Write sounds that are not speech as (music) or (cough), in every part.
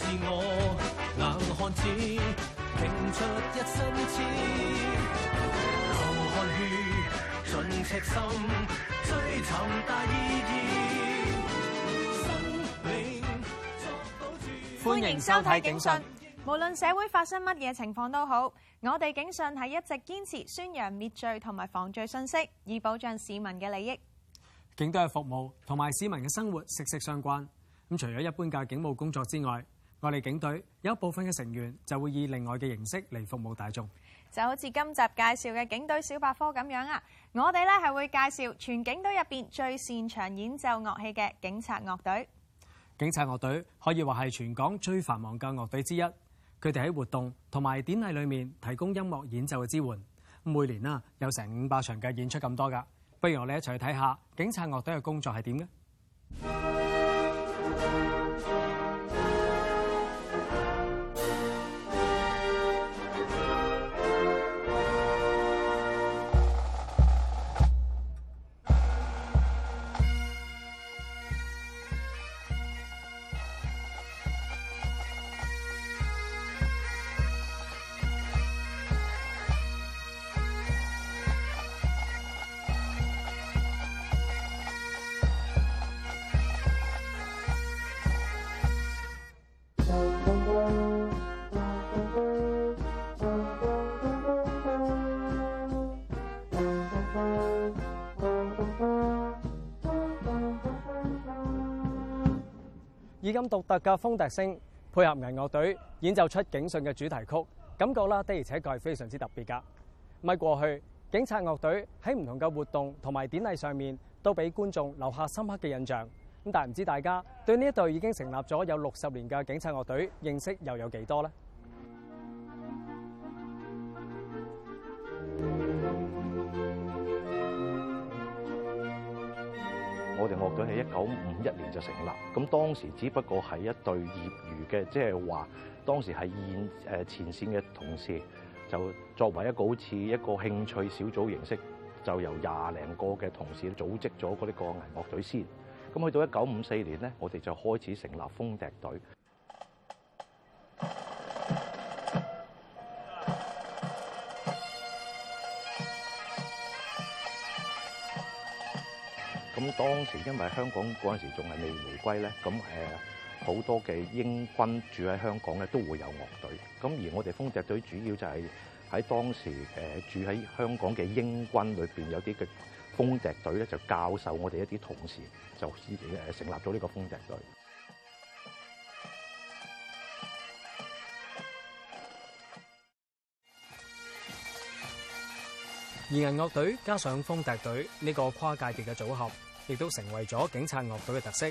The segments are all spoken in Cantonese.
自我冷汗似拼出一身流汗血赤心追尋大義生命到絕。歡迎收睇警訊。無論社會發生乜嘢情況都好，我哋警訊係一直堅持宣揚滅罪同埋防罪信息，以保障市民嘅利益。警隊嘅服務同埋市民嘅生活息息相關。咁除咗一般嘅警務工作之外，我哋警隊有一部分嘅成員就會以另外嘅形式嚟服務大眾，就好似今集介紹嘅警隊小百科咁樣啊！我哋咧係會介紹全警隊入邊最擅長演奏樂器嘅警察樂隊。警察樂隊可以話係全港最繁忙嘅樂隊之一，佢哋喺活動同埋典禮裏面提供音樂演奏嘅支援。每年啊有成五百場嘅演出咁多㗎，不如我哋一齊去睇下警察樂隊嘅工作係點嘅。以咁獨特嘅風笛聲配合銀樂隊演奏出警訊嘅主題曲，感覺啦的而且確係非常之特別噶。咪過去，警察樂隊喺唔同嘅活動同埋典禮上面都俾觀眾留下深刻嘅印象。咁但係唔知大家對呢一隊已經成立咗有六十年嘅警察樂隊認識又有幾多呢？佢喺一九五一年就成立，咁當時只不過係一隊業餘嘅，即係話當時係現誒前線嘅同事，就作為一個好似一個興趣小組形式，就由廿零個嘅同事組織咗嗰啲鋼琴樂隊先。咁去到一九五四年咧，我哋就開始成立風笛隊。咁當時因為香港嗰陣時仲係未回歸咧，咁誒好多嘅英軍住喺香港咧都會有樂隊。咁而我哋風笛隊主要就係喺當時誒住喺香港嘅英軍裏邊有啲嘅風笛隊咧，就教授我哋一啲同事，就自己誒成立咗呢個風笛隊。而銀樂隊加上風笛隊呢個跨界別嘅組合。亦都成為咗警察樂隊嘅特色，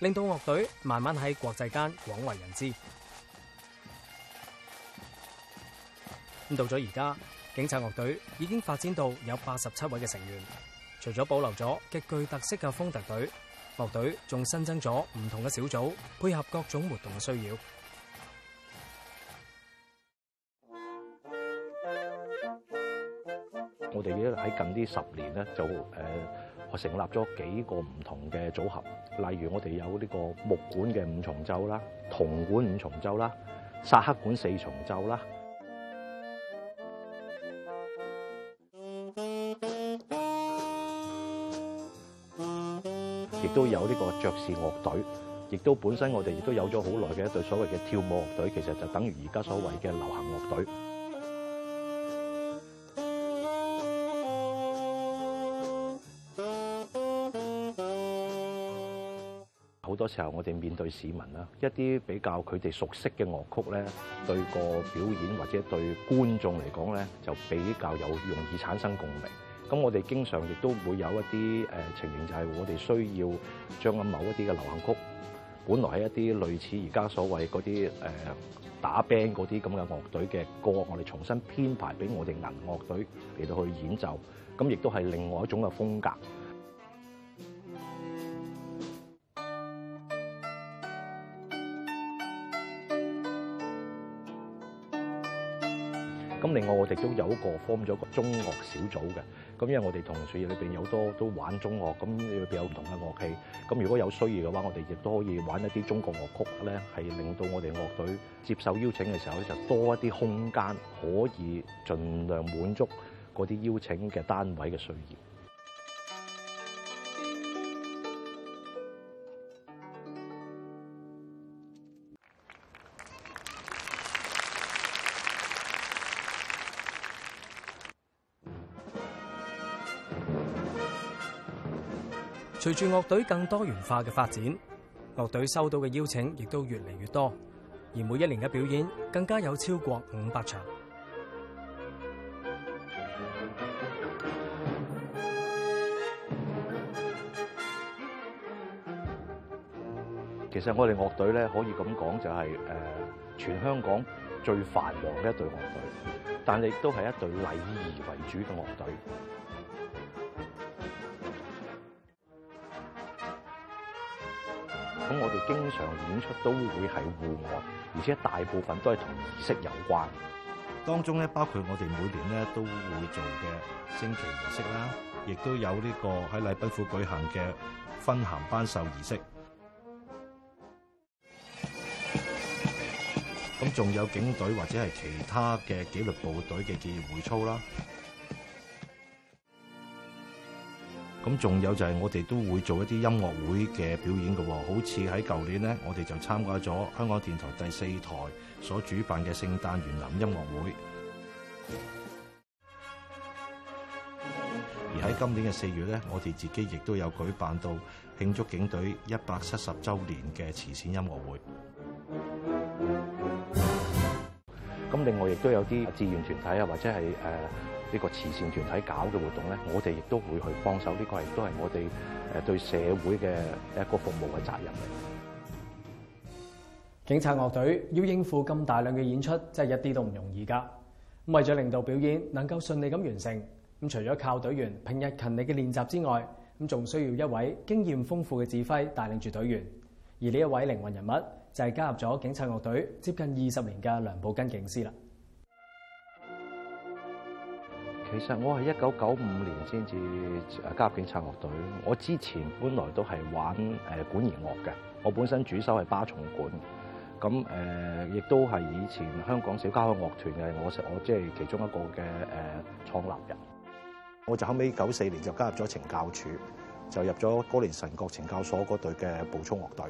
令到樂隊慢慢喺國際間廣為人知。到咗而家，警察樂隊已經發展到有八十七位嘅成員。除咗保留咗極具特色嘅風笛隊，樂隊仲新增咗唔同嘅小組，配合各種活動嘅需要。我哋咧喺近呢十年呢就誒。呃我成立咗幾個唔同嘅組合，例如我哋有呢個木管嘅五重奏啦，銅管五重奏啦，薩克管四重奏啦，亦 (music) 都有呢個爵士樂隊，亦都本身我哋亦都有咗好耐嘅一隊所謂嘅跳舞樂隊，其實就等於而家所謂嘅流行樂隊。好多時候，我哋面對市民啦，一啲比較佢哋熟悉嘅樂曲咧，對個表演或者對觀眾嚟講咧，就比較有容易產生共鳴。咁我哋經常亦都會有一啲誒、呃、情形，就係我哋需要將某一啲嘅流行曲，本來係一啲類似而家所謂嗰啲誒打 band 嗰啲咁嘅樂隊嘅歌，我哋重新編排俾我哋銀樂隊嚟到去演奏，咁亦都係另外一種嘅風格。咁另外我哋都有一個 form 咗個中樂小組嘅，咁因為我哋同事裏面有好多都玩中樂，咁裏邊有唔同嘅樂器，咁如果有需要嘅話，我哋亦都可以玩一啲中國樂曲咧，係令到我哋樂隊接受邀請嘅時候咧，就多一啲空間可以盡量滿足嗰啲邀請嘅單位嘅需要。隨住樂隊更多元化嘅發展，樂隊收到嘅邀請亦都越嚟越多，而每一年嘅表演更加有超過五百場。其實我哋樂隊咧可以咁講，就係誒，全香港最繁忙嘅一隊樂隊，但亦都係一隊禮儀為主嘅樂隊。咁我哋經常演出都會係戶外，而且大部分都係同儀式有關。當中咧包括我哋每年咧都會做嘅升旗儀式啦，亦都有呢個喺禮賓府舉行嘅分行頒授儀式。咁仲有警隊或者係其他嘅紀律部隊嘅紀念會操啦。咁仲有就係我哋都會做一啲音樂會嘅表演嘅，哦，好似喺舊年咧，我哋就參加咗香港電台第四台所主辦嘅聖誕園林音樂會。而喺今年嘅四月咧，我哋自己亦都有舉辦到慶祝警隊一百七十周年嘅慈善音樂會。咁另外亦都有啲志願團體啊，或者係誒。呃呢個慈善團體搞嘅活動咧，我哋亦都會去幫手。呢個亦都係我哋對社會嘅一個服務嘅責任嘅。警察樂隊要應付咁大量嘅演出，真係一啲都唔容易㗎。咁為咗令到表演能夠順利咁完成，咁除咗靠隊員平日勤力嘅練習之外，咁仲需要一位經驗豐富嘅指揮帶領住隊員。而呢一位靈魂人物就係加入咗警察樂隊接近二十年嘅梁寶根警司啦。其實我係一九九五年先至加入警察樂隊。我之前本來都係玩誒管弦樂嘅。我本身主修係巴松管，咁誒、呃、亦都係以前香港小交響樂團嘅。我我即係其中一個嘅誒、呃、創立人。我就後尾九四年就加入咗懲教處，就入咗哥連臣角懲教所嗰隊嘅步操樂隊，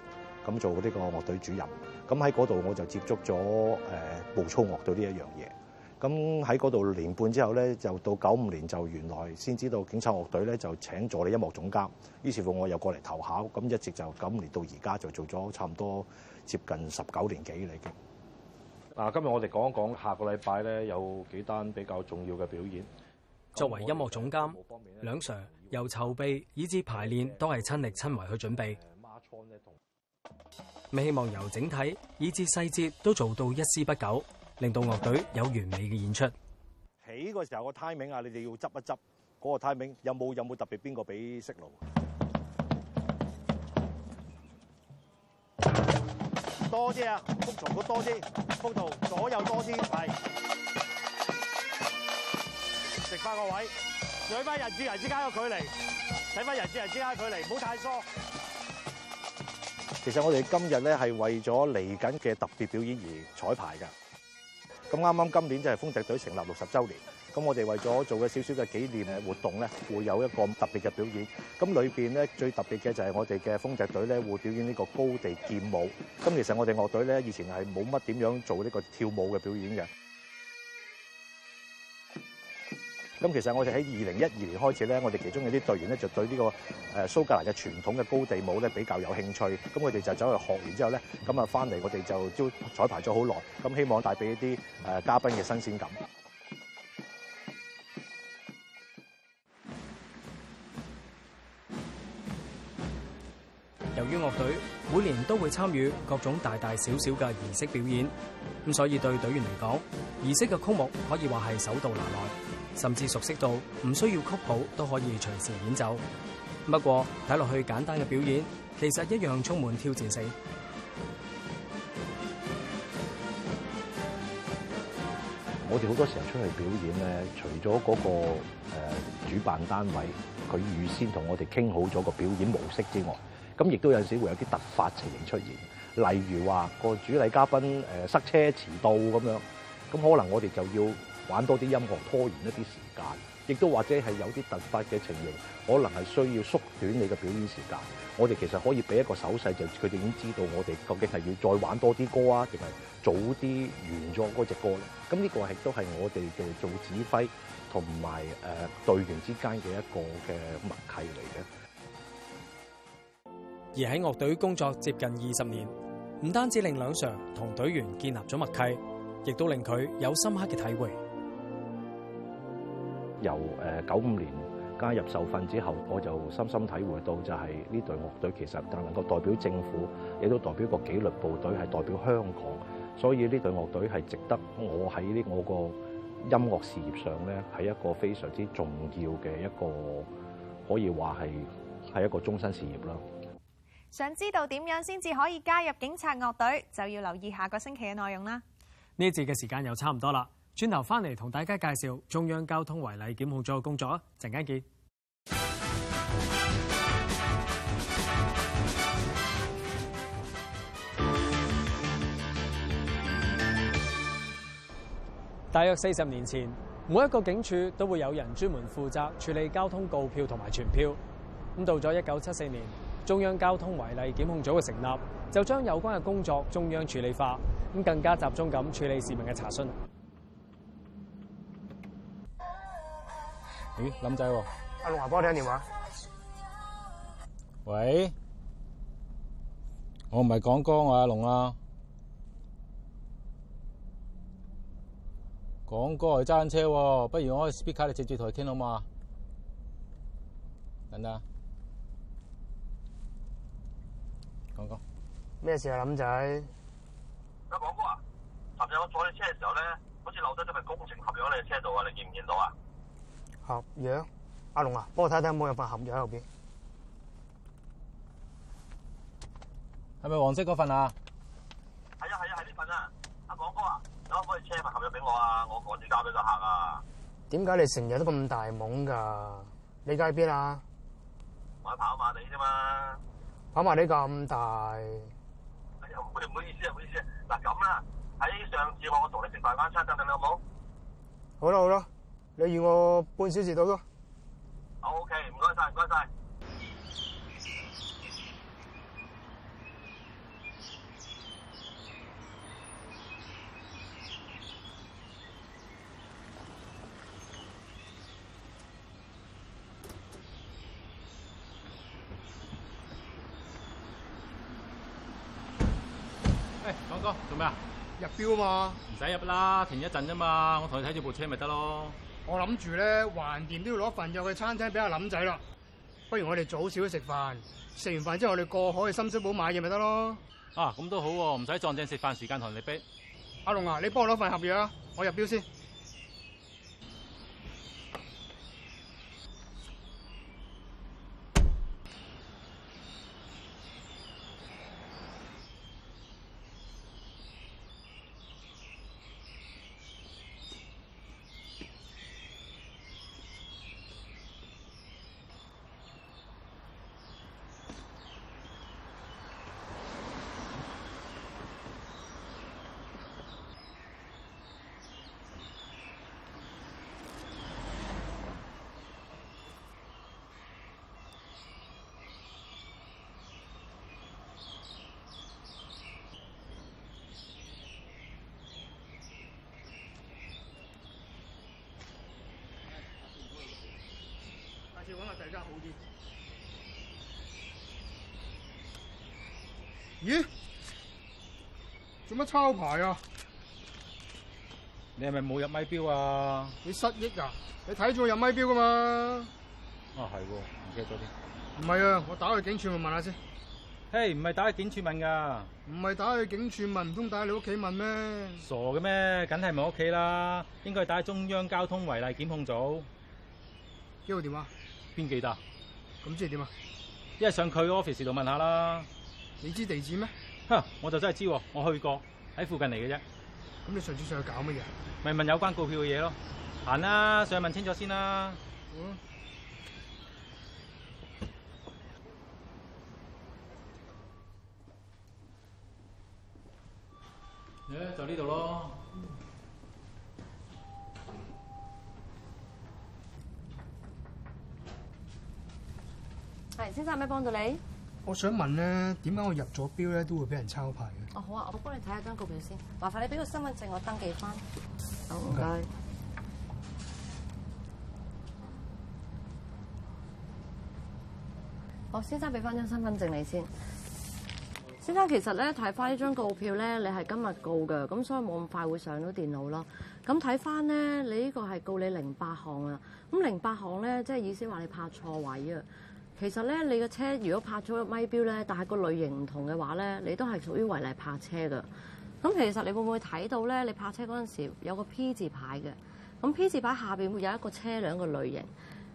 咁做呢個樂隊主任。咁喺嗰度我就接觸咗誒步操樂隊呢一樣嘢。咁喺嗰度年半之後咧，就到九五年就原來先知道警察樂隊咧就請助理音樂總監，於是乎我又過嚟投考，咁一直就九五年到而家就做咗差唔多接近十九年幾嚟嘅。嗱，今日我哋講一講下個禮拜咧有幾單比較重要嘅表演。作為音樂總監，兩 Sir 由籌備以至排練都係親力親為去準備，嗯嗯、未希望由整體以至細節都做到一絲不苟。令到樂隊有完美嘅演出。起個時候個 timing 啊，你哋要執一執嗰個 timing。有冇有冇特別邊個俾思路？多啲啊，幅圖要多啲，幅圖左右多啲，係。食翻個位，睇翻人與人之間嘅距離，睇翻人與人之間嘅距離，唔好太疏。其實我哋今日咧係為咗嚟緊嘅特別表演而彩排噶。咁啱啱今年就係風笛隊成立六十週年，咁我哋為咗做嘅少少嘅紀念嘅活動咧，會有一個特別嘅表演。咁裏邊咧最特別嘅就係我哋嘅風笛隊咧會表演呢個高地劍舞。咁其實我哋樂隊咧以前係冇乜點樣做呢個跳舞嘅表演嘅。咁其實我哋喺二零一二年開始咧，我哋其中有啲隊員咧就對呢個誒蘇格蘭嘅傳統嘅高地舞咧比較有興趣，咁我哋就走去學完之後咧，咁啊翻嚟我哋就招彩排咗好耐，咁希望帶俾一啲、呃、嘉賓嘅新鮮感。由於樂隊每年都會參與各種大大小小嘅儀式表演，咁所以對隊員嚟講，儀式嘅曲目可以話係手到拿來。甚至熟悉到唔需要曲譜都可以隨時演奏。不過睇落去簡單嘅表演，其實一樣充滿挑戰性。我哋好多時候出去表演咧，除咗嗰個誒主辦單位佢預先同我哋傾好咗個表演模式之外，咁亦都有時會有啲突發情形出現，例如話個主禮嘉賓誒塞車遲到咁樣，咁可能我哋就要。玩多啲音樂，拖延一啲時間，亦都或者係有啲突發嘅情形，可能係需要縮短你嘅表演時間。我哋其實可以俾一個手勢，就佢哋已經知道我哋究竟係要再玩多啲歌啊，定係早啲完咗嗰隻歌咧。咁呢個亦都係我哋嘅做指揮同埋誒隊員之間嘅一個嘅默契嚟嘅。而喺樂隊工作接近二十年，唔單止令兩 Sir 同隊員建立咗默契，亦都令佢有深刻嘅體會。由誒九五年加入受訓之後，我就深深體會到就係呢隊樂隊其實不但能夠代表政府，亦都代表個紀律部隊，係代表香港。所以呢隊樂隊係值得我喺呢我個音樂事業上咧，係一個非常之重要嘅一個，可以話係係一個終身事業啦。想知道點樣先至可以加入警察樂隊，就要留意下個星期嘅內容啦。呢節嘅時間又差唔多啦。轉頭翻嚟，同大家介紹中央交通違例檢控組嘅工作啊！陣間見。大約四十年前，每一個警署都會有人專門負責處理交通告票同埋傳票。咁到咗一九七四年，中央交通違例檢控組嘅成立，就將有關嘅工作中央處理化，咁更加集中咁處理市民嘅查詢。咦，林仔，阿龍阿波聽電話，喂，我唔係講哥，啊，阿龍啊，講哥係揸緊車，啊，不如我開 speaker 接住台聽好嘛？等等、啊，講講。咩事啊，林仔？阿、啊、講哥啊，琴日我坐你車嘅時候咧，好似留低咗份工程合約喺咗你車度啊，你見唔見到啊？合約，阿龍啊，幫我睇睇有冇份合約喺後邊，係咪黃色嗰份啊？係啊係啊係呢份啊！阿、啊、廣哥、哥啊，你攞翻支車份合約俾我啊，我趕住交俾個客啊！點解你成日都咁大懵噶？你家喺邊啊？我跑馬地啫嘛，跑馬地咁大。哎呀，唔好意思啊，唔好意思，嗱咁啦，喺、啊啊、上次我我同你食大班餐，得唔得啦，好？好啦好啦。你要我半小時到咯。OK，唔該晒，唔該晒。喂，光哥做咩啊？入標喎，嘛？唔使入啦，停一陣啫嘛。我同你睇住部車咪得咯。我諗住咧，橫掂都要攞份藥去餐廳俾阿林仔啦。不如我哋早少少食飯，食完飯之後我哋過海去深水埗買嘢咪得咯。啊，咁都好喎、啊，唔使撞正食飯時間同人哋逼。阿龍啊，你幫我攞份合約啊，我入標先。大家好啲。咦？做乜抄牌啊？你係咪冇入咪錶？啊你失憶啊？你睇住我入咪錶㗎嘛。啊係喎，唔記得咗添。唔係啊，我打去警署問下先。嘿，唔係打去警署問㗎。唔係打去警署問，唔通打你屋企問咩？傻嘅咩？梗係冇屋企啦，應該係打中央交通違例檢控組。呢個電話。邊幾笪？咁即係點啊？上的問，一係上佢 office 度問下啦。你知地址咩？哼，我就真係知，我去過，喺附近嚟嘅啫。咁你上次上去搞乜嘢？咪問有關股票嘅嘢咯。行啦，上去問清楚先啦、欸。嗯。誒，就呢度咯。先生有咩幫到你？我想問咧，點解我入咗錶咧，都會俾人抄牌嘅？哦，好啊，我幫你睇下張告票先。麻煩你俾個身份證，我登記翻。好，唔該。好，先生，俾翻張身份證你先。先生，其實咧睇翻呢張告票咧，你係今日告噶，咁所以冇咁快會上到電腦咯。咁睇翻咧，你呢個係告你零八項啊。咁零八項咧，即係意思話你拍錯位啊。其實咧，你個車如果拍咗個咪標咧，但係個類型唔同嘅話咧，你都係屬於違例泊車嘅。咁其實你會唔會睇到咧？你泊車嗰陣時有個 P 字牌嘅，咁 P 字牌下邊會有一個車輛嘅類型。誒、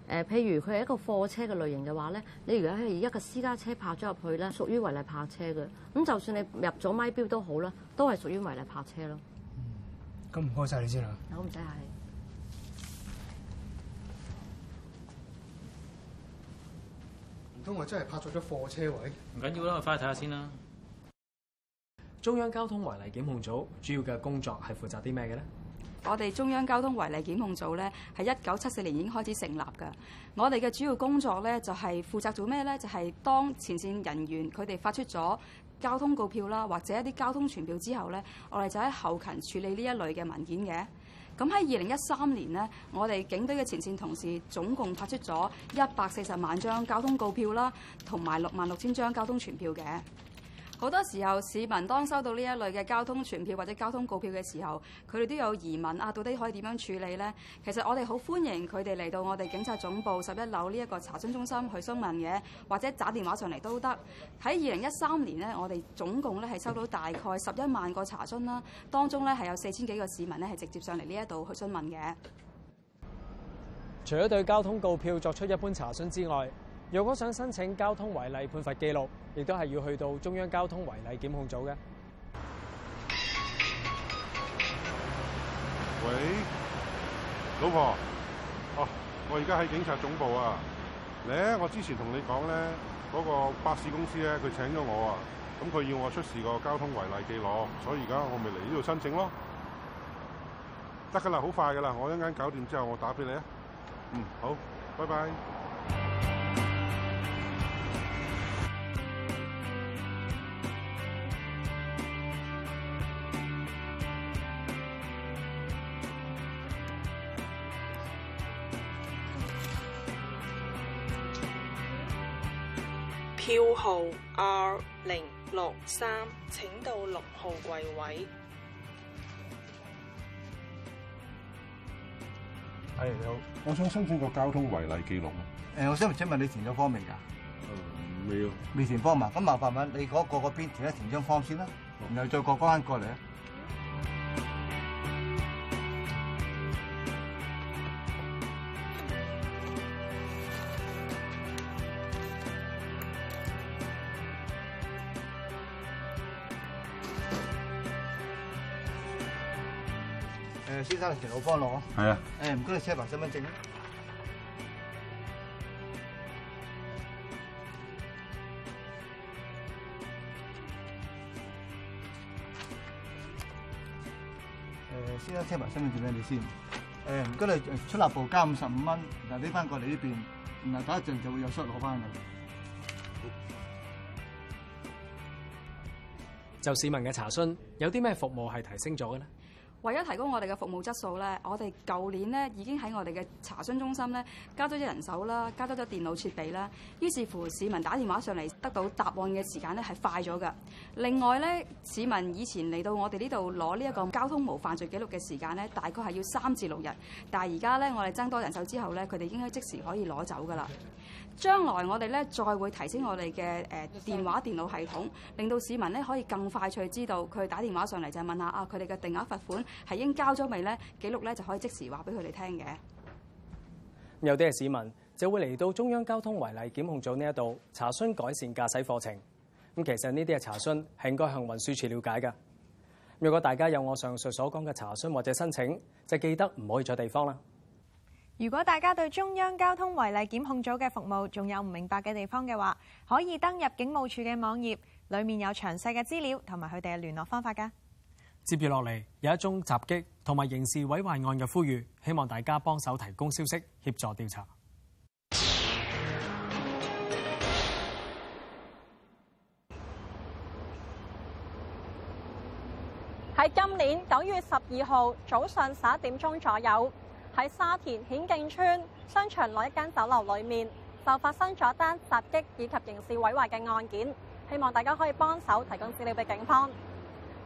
呃，譬如佢係一個貨車嘅類型嘅話咧，你如果係以一個私家車泊咗入去咧，屬於違例泊車嘅。咁就算你入咗咪標都好啦，都係屬於違例泊車咯。咁唔該晒你先啦。好，唔使曬。唔通我真係拍錯咗貨車位？唔緊要啦，我翻去睇下先啦。中央交通違例檢控組主要嘅工作係負責啲咩嘅咧？我哋中央交通違例檢控組咧，係一九七四年已經開始成立㗎。我哋嘅主要工作咧，就係負責做咩咧？就係當前線人員佢哋發出咗交通告票啦，或者一啲交通傳票之後咧，我哋就喺後勤處理呢一類嘅文件嘅。咁喺二零一三年咧，我哋警隊嘅前線同事總共拍出咗一百四十萬張交通告票啦，同埋六萬六千張交通傳票嘅。好多時候，市民當收到呢一類嘅交通傳票或者交通告票嘅時候，佢哋都有疑問啊，到底可以點樣處理呢？其實我哋好歡迎佢哋嚟到我哋警察總部十一樓呢一個查詢中心去詢問嘅，或者打電話上嚟都得。喺二零一三年呢，我哋總共咧係收到大概十一萬個查詢啦，當中咧係有四千幾個市民咧係直接上嚟呢一度去詢問嘅。除咗對交通告票作出一般查詢之外，若果想申請交通違例判罰記錄，亦都係要去到中央交通違例檢控組嘅。喂，老婆，哦、啊，我而家喺警察總部啊。咧，我之前同你講咧，嗰個巴士公司咧，佢請咗我啊。咁佢要我出示個交通違例記錄，所以而家我咪嚟呢度申請咯。得㗎喇，好快㗎喇，我一陣間搞掂之後，我打俾你啊。嗯，好，拜拜。票號 R 零六三，請到六號櫃位。係、hey, 你好，我想申請個交通違例記錄。誒、hey,，我想請問你填咗方未噶？未、嗯、啊，未填方嘛？咁麻煩問你嗰個嗰邊，填一填張方先啦，然後再過翻過嚟。誒先生，全攞翻咯哦！係啊！誒唔該，你車牌身份證咧？誒先生，車牌身份證畀你先？誒唔該，你出納部加五十五蚊，嗱拎翻過嚟呢邊，然後等一陣就會有叔攞翻噶啦。就市民嘅查詢，有啲咩服務係提升咗嘅咧？為咗提高我哋嘅服務質素咧，我哋舊年咧已經喺我哋嘅查詢中心咧加咗啲人手啦，加多咗電腦設備啦。於是乎，市民打電話上嚟得到答案嘅時間咧係快咗㗎。另外咧，市民以前嚟到我哋呢度攞呢一個交通無犯罪記錄嘅時間咧，大概係要三至六日，但係而家咧我哋增多人手之後咧，佢哋應該即時可以攞走㗎啦。將來我哋咧再會提升我哋嘅誒電話電腦系統，令到市民咧可以更快脆知道佢打電話上嚟就係問下啊，佢哋嘅定額罰款係應交咗未咧？記錄咧就可以即時話俾佢哋聽嘅。有啲係市民就會嚟到中央交通違例檢控組呢一度查詢改善駕駛課程。咁其實呢啲嘅查詢係應該向運輸處了解㗎。如果大家有我上述所講嘅查詢或者申請，就記得唔可以再地方啦。如果大家對中央交通違例檢控組嘅服務仲有唔明白嘅地方嘅話，可以登入警務處嘅網頁，裏面有詳細嘅資料同埋佢哋嘅聯絡方法㗎。接住落嚟有一宗襲擊同埋刑事毀壞案嘅呼籲，希望大家幫手提供消息協助調查。喺今年九月十二號早上十一點鐘左右，喺沙田顯徑村商場內一間酒樓裏面，就發生咗單襲擊以及刑事毀壞嘅案件。希望大家可以幫手提供資料俾警方。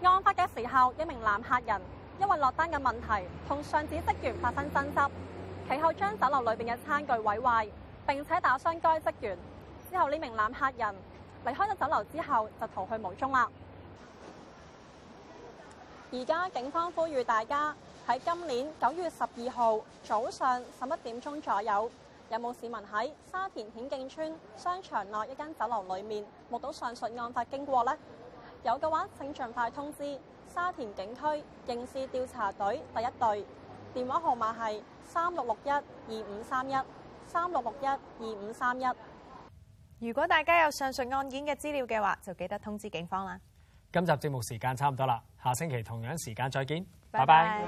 案發嘅時候，一名男客人因為落單嘅問題，同上址職員發生爭執，其後將酒樓裏邊嘅餐具毀壞，並且打傷該職員。之後呢名男客人離開咗酒樓之後，就逃去無蹤啦。而家警方呼籲大家，喺今年九月十二號早上十一點鐘左右，有冇市民喺沙田顯徑村商場內一間酒樓裏面目睹上述案發經過呢？有嘅話，請盡快通知沙田警區刑事調查隊第一隊，電話號碼係三六六一二五三一，三六六一二五三一。如果大家有上述案件嘅資料嘅話，就記得通知警方啦。今集節目時間差唔多啦，下星期同樣時間再見。拜拜。